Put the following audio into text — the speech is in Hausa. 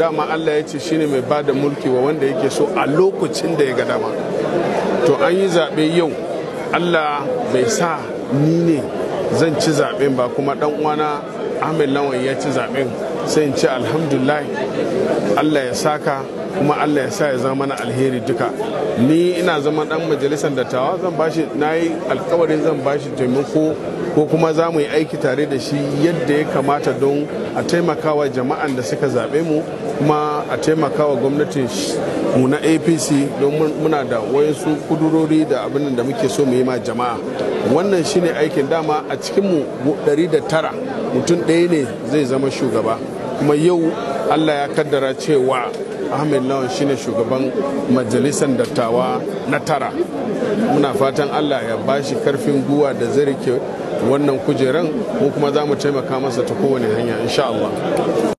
dama Allah ya ce shine mai ba da mulki wa wanda yake so a lokacin da ya ga dama to an yi zaɓe yau Allah bai sa ni ne zan ci zaɓen ba kuma ɗan uwana Ahmed Lawan ya ci zaɓen sai in ci alhamdulillah Allah ya saka kuma allah ya sa ya zama mana alheri duka ni ina zama dan majalisar dattawa zan bashi na yi alkawarin zan bashi taimako ko kuma za mu yi aiki tare da shi yadda ya kamata don a taimakawa jama'an da suka zaɓe mu kuma a taimakawa gwamnatin mu na apc don muna da wayansu kudurori da abin da muke so mu yi ma jama'a wannan shine aikin dama a cikin mu tara mutum ɗaya ne zai zama shugaba kuma yau allah ya kaddara cewa ahmed lawan shine shugaban majalisar dattawa na tara muna fatan allah ya bashi karfin guwa da zai rike wannan kujeran ko kuma za mu taimaka masa ta kowane hanya insha allah